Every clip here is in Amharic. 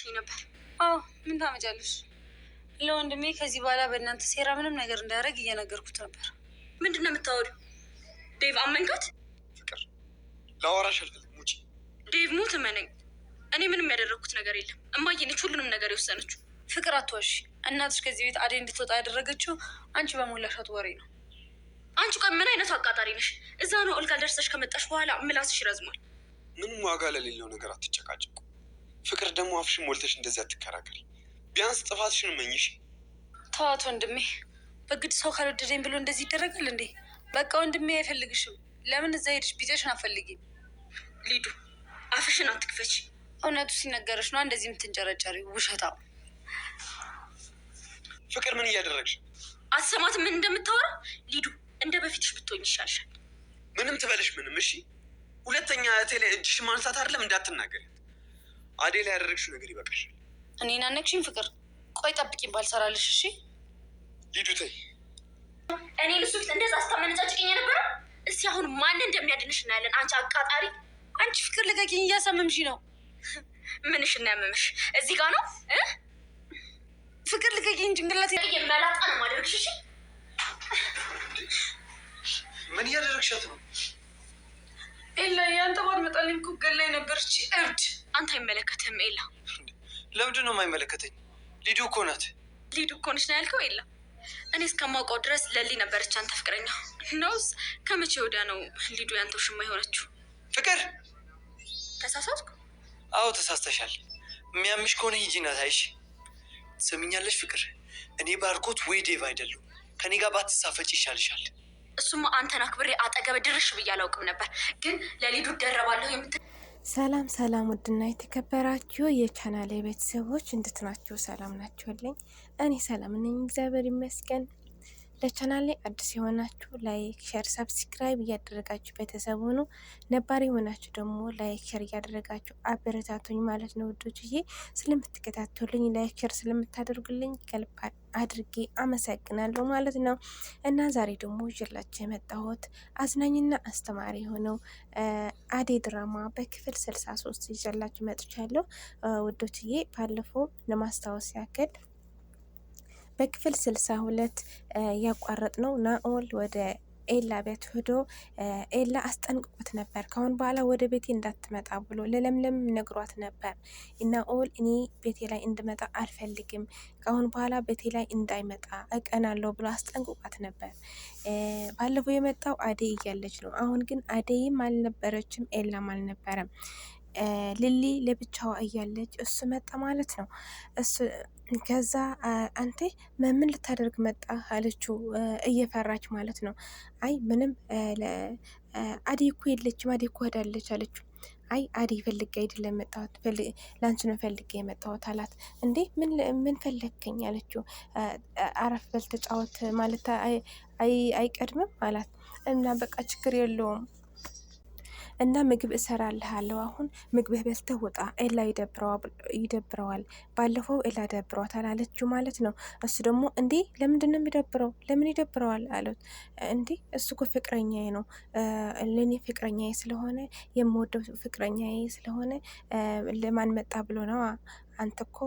እየጠበቅኩኝ ነበር። አዎ ምን ታመጫለሽ? ለወንድሜ ከዚህ በኋላ በእናንተ ሴራ ምንም ነገር እንዳያደርግ እየነገርኩት ነበር። ምንድን ነው የምታወሪው? ዴቭ አመንካት። ፍቅር ለአወራሽ አልፈልግም። ውጪ። ዴቭ ሙት እመነኝ። እኔ ምንም ያደረግኩት ነገር የለም። እማዬ ነች ሁሉንም ነገር የወሰነችው። ፍቅር አትዋሽ እናትሽ ከዚህ ቤት አደይ እንድትወጣ ያደረገችው አንቺ በሞላሻት ወሬ ነው። አንቺ ቆይ ምን አይነቱ አቃጣሪ ነሽ? እዛ ነው እልጋ ደርሰሽ ከመጣሽ በኋላ ምላስሽ ይረዝሟል። ምንም ዋጋ ለሌለው ነገር አትጨቃጭቁ። ፍቅር ደግሞ አፍሽን ሞልተሽ እንደዚህ አትከራከሪ። ቢያንስ ጥፋትሽን መኝሽ። ተዋት ወንድሜ። በግድ ሰው ካልወደደኝ ብሎ እንደዚህ ይደረጋል እንዴ? በቃ ወንድሜ አይፈልግሽም። ለምን እዛ ሄድሽ? ቢጤሽን አፈልጊም። ሊዱ አፍሽን አትክፈች። እውነቱ ሲነገረች ነው እንደዚህ የምትንጨረጨሪ ውሸታው? ፍቅር ምን እያደረግሽ አሰማት ምን እንደምታወራ ሊዱ። እንደ በፊትሽ ብትሆኝ ይሻልሻል። ምንም ትበልሽ ምንም። እሺ ሁለተኛ እቴ ላይ እጅሽ ማንሳት አይደለም እንዳትናገር አዴ ላይ ያደረግሽው ነገር ይበቃል። እኔ አነግሽኝ ፍቅር። ቆይ ጠብቂኝ ባልሰራልሽ። እሺ ሊዱተይ እኔ እኔን ፊት እንደዛ አስታመነጫጭቅኝ የነበረው እስኪ አሁን ማን እንደሚያድንሽ እናያለን። አንቺ አቃጣሪ፣ አንቺ ፍቅር ልቀቂኝ፣ እያሳመምሽ ነው። ምንሽ እናያመምሽ እዚህ ጋር ነው። ፍቅር ልቀቂኝ፣ ጭንቅላት የመላጣ ነው ማደርግሽ። እሺ ምን እያደረግሻት ነው? ኤላ ያንተ ባል መጣልኝ እኮ ገላይ ነበርች እብድ አንተ አይመለከትህም። ኤላ ለምንድን ነው የማይመለከተኝ? ሊዱ እኮ ናት። ሊዱ እኮ ነች ነው ያልከው? ኤላ እኔ እስከማውቀው ድረስ ለሊ ነበረች አንተ ፍቅረኛ። ነውስ ከመቼ ወዲያ ነው ሊዱ ያንተ ውሽማ የሆነችው? ፍቅር ተሳሳትኩ? አዎ ተሳስተሻል። የሚያምሽ ከሆነ ሂጂ ናት። አይሽ ትሰሚኛለሽ? ፍቅር እኔ ባርኮት ወይ ዴቭ አይደሉም። ከኔ ጋር ባትሳፈጭ ይሻልሻል። እሱማ አንተን አክብሬ አጠገብ ድርሽ ብዬ አላውቅም ነበር፣ ግን ለሊዱ ደረባለሁ የምትል ሰላም ሰላም፣ ውድና የተከበራችሁ የቻናሌ ቤተሰቦች እንዴት ናችሁ? ሰላም ናችሁልኝ? እኔ ሰላም ነኝ፣ እግዚአብሔር ይመስገን። ለቻናሌ አዲስ የሆናችሁ ላይክ፣ ሸር፣ ሰብስክራይብ እያደረጋችሁ ቤተሰብ ሆኑ። ነባሪ የሆናችሁ ደግሞ ላይክ፣ ሸር እያደረጋችሁ አበረታቱኝ ማለት ነው ውዶችዬ። ስለምትከታተሉኝ ላይክ፣ ሸር ስለምታደርጉልኝ ከልብ አድርጌ አመሰግናለሁ ማለት ነው። እና ዛሬ ደግሞ ይዤላችሁ የመጣሁት አዝናኝና አስተማሪ የሆነው አደይ ድራማ በክፍል 63 ይዤላችሁ መጥቻለሁ ውዶችዬ። ባለፈው ለማስታወስ ያክል በክፍል ሁለት ያቋረጥ ነው ናኦል ወደ ኤላ ቤት ሄዶ ኤላ አስጠንቅቆት ነበር። ካሁን በኋላ ወደ ቤቴ እንዳትመጣ ብሎ ለለምለም ነግሯት ነበር። እና ኦል እኔ ቤቴ ላይ እንድመጣ አልፈልግም፣ ካሁን በኋላ ቤቴ ላይ እንዳይመጣ እቀናለሁ ብሎ አስጠንቅቋት ነበር። ባለፈው የመጣው አደይ እያለች ነው። አሁን ግን አደይም አልነበረችም፣ ኤላም አልነበረም። ልሊ ለብቻዋ እያለች እሱ መጣ ማለት ነው። ከዛ አንቴ ምን ልታደርግ መጣ አለችው፣ እየፈራች ማለት ነው። አይ ምንም አዴ እኮ የለችም አዴ እኮ ሄዳለች አለችው። አይ አዴ ፈልጌ አይደለም የመጣሁት ለአንቺ ነው ፈልግ የመጣሁት አላት። እንዴ ምን ፈለግከኝ አለችው። አረፍ በል ተጫወት ማለት አይቀድምም አላት እና በቃ ችግር የለውም እና ምግብ እሰራልሃለሁ አሁን ምግብህ በልተህ ውጣ፣ ኤላ ይደብረዋል። ባለፈው ኤላ ደብሯታል አለችው ማለት ነው። እሱ ደግሞ እንዴ ለምንድን ነው የሚደብረው? ለምን ይደብረዋል አሉት። እንዴ እሱ እኮ ፍቅረኛዬ ነው፣ ለእኔ ፍቅረኛዬ ስለሆነ የምወደው ፍቅረኛዬ ስለሆነ ለማን መጣ ብሎ ነው አንተ እኮ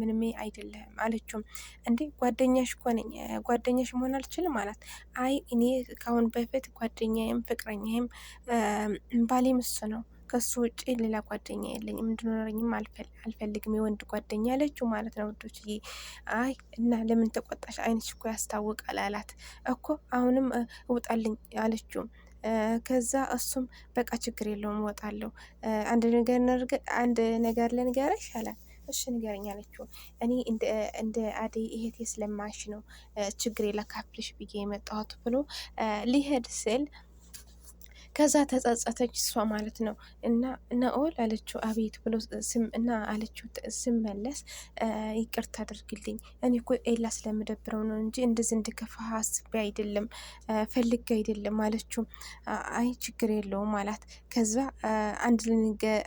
ምንም አይደለም አለችውም። እንዴ ጓደኛሽ እኮ ነኝ ጓደኛሽ መሆን አልችልም አላት። አይ እኔ ከአሁን በፊት ጓደኛዬም ፍቅረኛዬም ባሌም እሱ ነው ከሱ ውጭ ሌላ ጓደኛ የለኝም፣ እንድኖረኝም አልፈልግም የወንድ ጓደኛ አለችው ማለት ነው። ውዶች አይ እና ለምን ተቆጣሽ? ዓይንሽ እኮ ያስታውቃል አላት። እኮ አሁንም እውጣልኝ አለችው። ከዛ እሱም በቃ ችግር የለውም እወጣለሁ፣ አንድ ነገር ልንገርሽ አላት። እሺ ንገረኝ አለችው። እኔ እንደ አደይ እህቴ ስለማሽ ነው ችግር የለካፍልሽ ብዬ የመጣሁት ብሎ ሊሄድ ስል ከዛ ተጸጸተች እሷ ማለት ነው። እና ናኦል አለችው አቤት ብሎ ስም እና አለችው ስመለስ ይቅርታ አድርግልኝ፣ እኔ እኮ ኤላ ስለምደብረው ነው እንጂ እንደዚህ እንድከፋ አስቤ አይደለም ፈልግ አይደለም አለችው። አይ ችግር የለውም አላት። ከዛ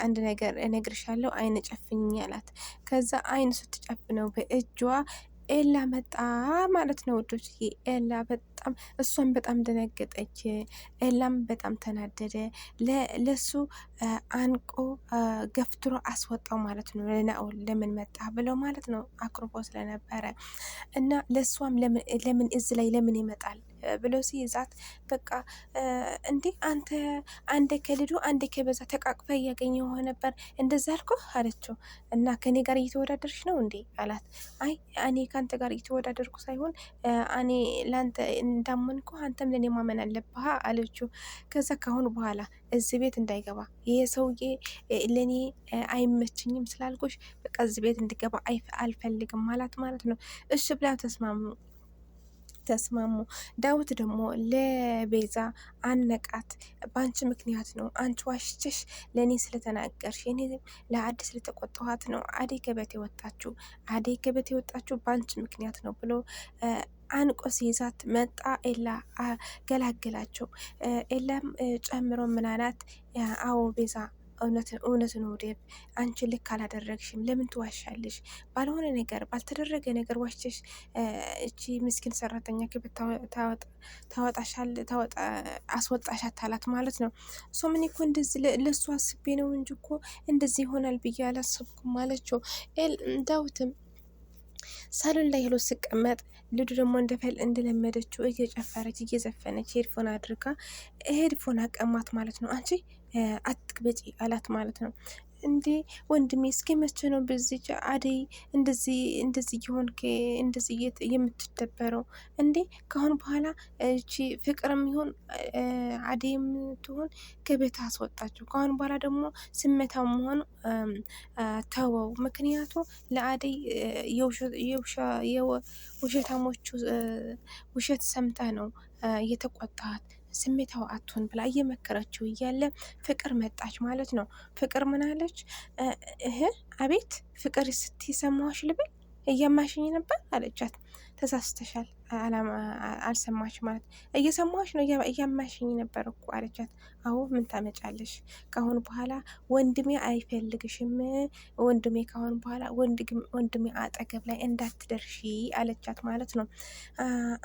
አንድ ነገር እነግርሻለሁ አይን ጨፍኝ አላት። ከዛ አይን ስትጨፍነው በእጇ ኤላ መጣ ማለት ነው ወዶች። ኤላ በጣም እሷን በጣም ደነገጠች። ኤላም በጣም ተናደደ። ለሱ አንቆ ገፍትሮ አስወጣው ማለት ነው። ለናኦል ለምን መጣ ብለው ማለት ነው። አኩርፎ ስለነበረ እና ለእሷም ለምን እዝ ላይ ለምን ይመጣል ብሎ ሲይዛት በቃ እንዴ አንተ አንደ ከልዱ አንደ ከበዛ ተቃቅፈ ሆ ነበር እንደዛ አልኮ አለችው። እና ከኔ ጋር እየተወዳደርሽ ነው እንዴ አላት። አይ እኔ ከአንተ ጋር እየተወዳደርኩ ሳይሆን እኔ ለአንተ እንዳመንኩ አንተም ለእኔ ማመን አለብህ አለችው። ከዛ ካሁን በኋላ እዚህ ቤት እንዳይገባ ይሄ ሰውዬ ለእኔ አይመችኝም ስላልኩሽ በቃ እዚህ ቤት እንድገባ አልፈልግም ማለት ማለት ነው። እሺ ብላ ተስማሙ ተስማሙ። ዳዊት ደግሞ ለቤዛ አነቃት። በአንቺ ምክንያት ነው፣ አንቺ ዋሽችሽ ለእኔ ስለተናገርሽ እኔ ለአዲስ ስለተቆጠኋት ነው አዴ ከቤት የወጣችሁ አዴ ከቤት የወጣችሁ በአንቺ ምክንያት ነው ብሎ አንቆ ሲይዛት መጣ ኤላ ገላገላቸው። ኤላም ጨምሮ ምናላት አዎ ቤዛ እውነትን ነው አንቺ ልክ አላደረግሽም። ለምን ትዋሻለሽ? ባልሆነ ነገር ባልተደረገ ነገር ዋሽተሽ እቺ ምስኪን ሰራተኛ ክብ አስወጣሻት አላት ማለት ነው። ሶ ምን እኮ እንደዚህ ለእሱ አስቤ ነው እንጂ እኮ እንደዚህ ይሆናል ብዬ አላሰብኩም አለችው። ዳዊትም ሳሎን ላይ ሄሎ ስቀመጥ ልዱ ደግሞ እንደፈል እንደለመደችው እየጨፈረች እየዘፈነች ሄድፎን አድርጋ ሄድፎን አቀማት ማለት ነው። አንቺ አትቅበጪ አላት ማለት ነው። እንዴ ወንድሜ እስከ መቼ ነው በዚህ አደይ እንደዚህ እንደዚህ ይሆን እንደዚህ የምትደበረው? እንዴ ከአሁን በኋላ እቺ ፍቅርም ይሆን አደይም ትሆን ከቤት አስወጣቸው። ከአሁን በኋላ ደግሞ ስሜታው መሆን ተወው። ምክንያቱ ለአደይ የውሸታሞቹ ውሸት ሰምታ ነው የተቆጣት ስሜታው አትሆን ብላ እየመከረችው እያለ ፍቅር መጣች ማለት ነው። ፍቅር ምናለች? እህ አቤት ፍቅር ስትይ ሰማሁሽ ልብል እየማሽኝ ነበር አለቻት። ተሳስተሻል፣ አልሰማሽ ማለት እየሰማሽ ነው፣ እያማሽኝ ነበር እኮ አለቻት። አዎ ምን ታመጫለሽ? ከአሁን በኋላ ወንድሜ አይፈልግሽም። ወንድሜ ከአሁን በኋላ ወንድሜ አጠገብ ላይ እንዳትደርሺ አለቻት ማለት ነው።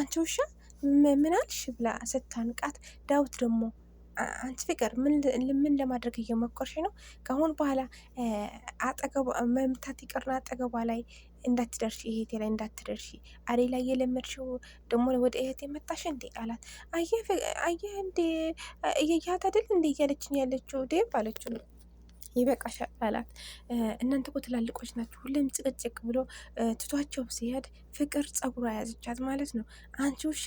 አንቺ ውሻ ምን አልሽ ብላ ስታንቃት፣ ዳዊት ደግሞ አንቺ ፍቅር ምን ለማድረግ እየሞከርሽ ነው? ከአሁን በኋላ መምታት ይቅርና አጠገቧ ላይ እንዳትደርሺ እህቴ ላይ እንዳትደርሺ፣ አሬ ላይ የለመድሽው ደግሞ ወደ እህቴ መጣሽ እንዴ አላት። አየ እንዴ እያያት አይደል እንዴ እያለችኝ ያለችው ዴብ አለችው። ይበቃሻል አላት። እናንተ እኮ ትላልቆች ናችሁ፣ ሁሌም ጭቅጭቅ ብሎ ትቷቸው ሲሄድ ፍቅር ጸጉሯ ያዘቻት ማለት ነው። አንቺ ውሻ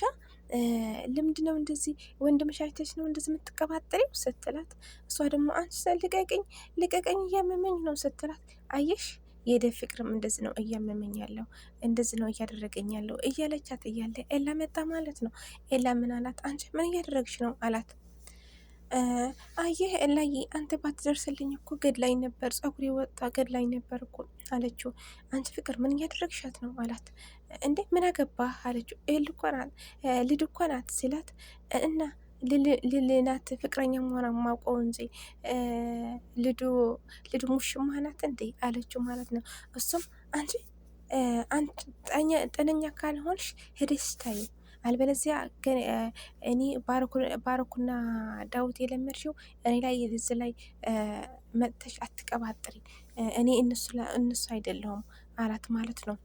ልምድ ነው እንደዚህ ወንድም ሻይተች ነው እንደዚህ የምትቀባጠሪው ስትላት፣ እሷ ደግሞ አንቺ ልቀቅኝ ልቀቀኝ እያመመኝ ነው ስትላት፣ አየሽ የደ ፍቅርም እንደዚህ ነው እያመመኝ ያለው እንደዚህ ነው እያደረገኝ ያለው እያለቻት እያለ ኤላ መጣ ማለት ነው። ኤላ ምን አላት? አንቺ ምን እያደረግሽ ነው አላት። አየህ እላዬ አንተ ባትደርስልኝ እኮ ገድላኝ ነበር፣ ጸጉሬ ወጣ ገድላኝ ነበር እኮ አለችው። አንቺ ፍቅር ምን እያደረግሻት ነው አላት። እንዴ ምን አገባህ አለችው። ልድ እኮ ናት ሲላት እና ልልናት ፍቅረኛ መሆን ማውቀው እንጂ ልዱ ልዱ ሙሽማ ናት እንዴ አለችው ማለት ነው። እሱም አንቺ ጠነኛ ካልሆንሽ ሄደሽ ታዩ አልበለዚያ እኔ ባርኩና ዳዊት የለመድሽው እኔ ላይ የዝ ላይ መጥተሽ አትቀባጥሪ። እኔ እነሱ አይደለሁም አላት ማለት ነው።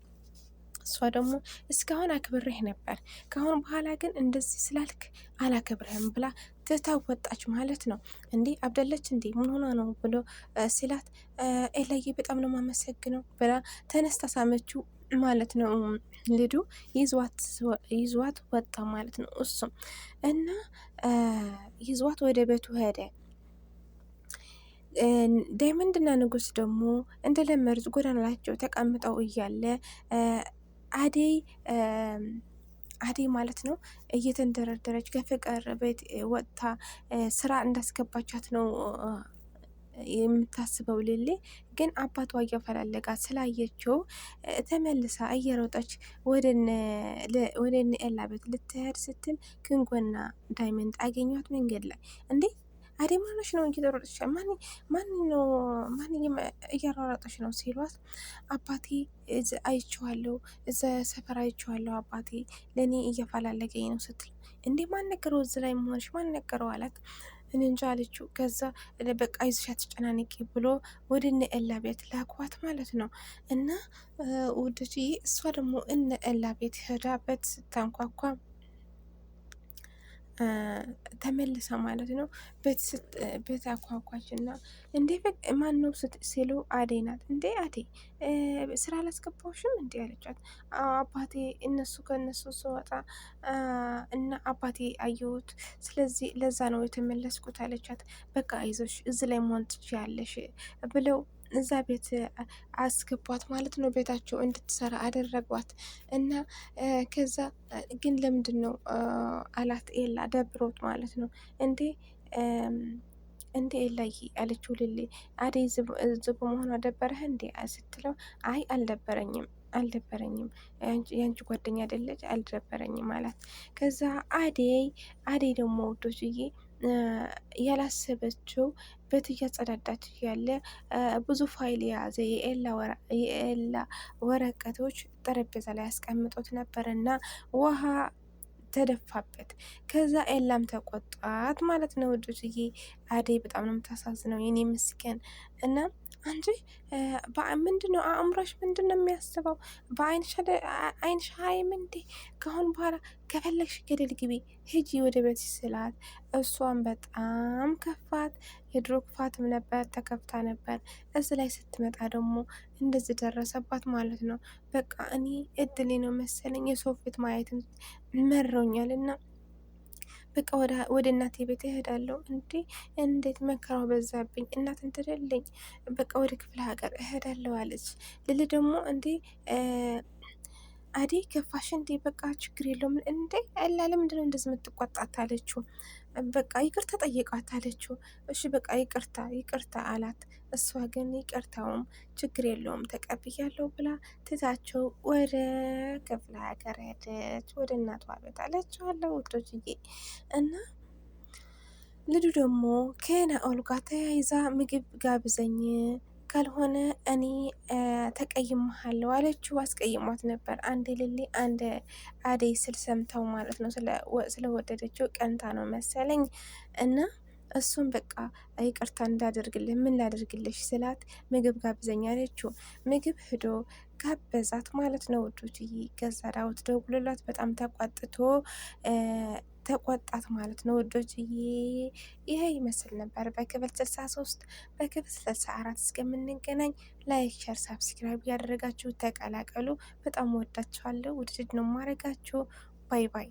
እሷ ደግሞ እስካሁን አክብሬህ ነበር፣ ከአሁን በኋላ ግን እንደዚህ ስላልክ አላክብርህም ብላ ትታው ወጣች ማለት ነው። እንዴ አብደለች እንዴ ምን ሆና ነው ብሎ ሲላት ኤላዬ በጣም ነው የማመሰግነው ብላ ተነስታ ሳመችው ማለት ነው። ልዱ ይዟት ወጣ ማለት ነው። እሱም እና ይዟት ወደ ቤቱ ሄደ። ዳይመንድና ንጉስ ደግሞ እንደለመዱት ጎዳና ላቸው ተቀምጠው እያለ አደይ አደይ ማለት ነው እየተንደረደረች ከፍቅር ቤት ወጥታ ስራ እንዳስገባቻት ነው የምታስበው ሊሊ ግን አባቷ እየፈላለጋት ስላየችው ተመልሳ እየሮጠች ወደ ኤላ ቤት ልትሄድ ስትል ክንጎና ዳይመንድ አገኟት መንገድ ላይ እንዴ አዴ ማኖች ነው እየሮጠች ማን ማን እያሯሯጠች ነው ሲሏት፣ አባቴ አይቼዋለሁ፣ እዛ ሰፈር አይቼዋለሁ፣ አባቴ ለእኔ እየፈላለገኝ ነው ስትል፣ እንዴ ማን ነገረው? እዚ ላይ መሆንሽ ማን ነገረው አላት። እኔ እንጃ አለችው። ከዛ በቃ አይዞሽ አትጨናነቂ ብሎ ወደ እነ ኤላ ቤት ላኳት ማለት ነው። እና ውድ እሷ ደግሞ እነ ኤላ ቤት ሄዳበት ስታንኳኳ ተመልሳ ማለት ነው ቤት አኳኳች እና እንዴ ማን ነው ሲሉ አዴ ናት። እንዴ አዴ ስራ አላስገባሁሽም እንዴ አለቻት። አባቴ እነሱ ከእነሱ ስወጣ እና አባቴ አየሁት፣ ስለዚህ ለዛ ነው የተመለስኩት አለቻት። በቃ አይዞሽ እዚ ላይ መሆን ትችያለሽ ብለው እዛ ቤት አስገቧት ማለት ነው። ቤታቸው እንድትሰራ አደረጓት እና ከዛ ግን ለምንድን ነው አላት ኤላ ደብሮት ማለት ነው እንዴ እንዴ ኤላይ አለችው ልሌ። አደይ ዝቡ መሆኗ ደበረህ እንዴ ስትለው አይ አልደበረኝም አልደበረኝም የአንቺ ጓደኛ አይደለች አልደበረኝም አላት። ከዛ አደይ አደይ ደግሞ ወዶችዬ ያላሰበችው ቤት እያጸዳዳች ያለ ብዙ ፋይል የያዘ የኤላ ወረቀቶች ጠረጴዛ ላይ ያስቀምጦት ነበር እና ውሃ ተደፋበት። ከዛ ኤላም ተቆጣት ማለት ነው ውዱትዬ አደይ በጣም ነው የምታሳዝነው የኔ ምስኪን እና አንቺ ምንድን ነው አእምሮሽ ምንድን ነው የሚያስበው? በአይንሽ ሀይም እንዴ ከአሁን በኋላ ከፈለግሽ ገደል ግቢ ሂጂ ወደ ቤት ስላት፣ እሷን በጣም ከፋት። የድሮ ክፋትም ነበር ተከፍታ ነበር። እዚ ላይ ስትመጣ ደግሞ እንደዚህ ደረሰባት ማለት ነው። በቃ እኔ እድሌ ነው መሰለኝ የሰው ፊት ማየትም መረውኛል እና በቃ ወደ እናቴ ቤት እሄዳለሁ። እንዴ እንዴት መከራው በዛብኝ፣ እናትን ትደለኝ፣ በቃ ወደ ክፍለ ሀገር እሄዳለሁ አለች። ልል ደግሞ እንዴ አዴ ከፋሽ እንዴ በቃ ችግር የለውም እንዴ አላለም። ለምንድነው እንደዚህ የምትቆጣት አለችው። በቃ ይቅርታ ጠይቃት አለችው። እሺ በቃ ይቅርታ ይቅርታ አላት። እሷ ግን ይቅርታውም ችግር የለውም ተቀብያለሁ ብላ ትታቸው ወደ ክፍለ ሀገር ሄደች፣ ወደ እናቷ ቤት አለችዋለሁ ውዶችዬ እና ልዱ ደግሞ ከናኦል ኦልጋ ተያይዛ ምግብ ጋብዘኝ ካልሆነ እኔ ተቀይመሃለሁ አለችው። አስቀይሟት ነበር። አንድ ልሌ አንድ አደይ ስል ሰምተው ማለት ነው። ስለወደደችው ቀንታ ነው መሰለኝ እና እሱም በቃ ይቅርታ እንዳደርግልህ ምን ላደርግልሽ ስላት ምግብ ጋብዘኝ አለችው። ምግብ ሂዶ ጋበዛት ማለት ነው ውዱት ገዛ ዳዊት ደውሎላት በጣም ተቋጥቶ ተቆጣት ማለት ነው ውዶችዬ። ይሄ ይመስል ነበር በክፍል ሶስት በክፍል አራት እስከምንገናኝ ላይክ፣ ሸር፣ ሳብስክራይብ ያደረጋችሁ ተቀላቀሉ። በጣም ወዳችኋለሁ። ውድድድ ነው ማድረጋችሁ። ባይ ባይ።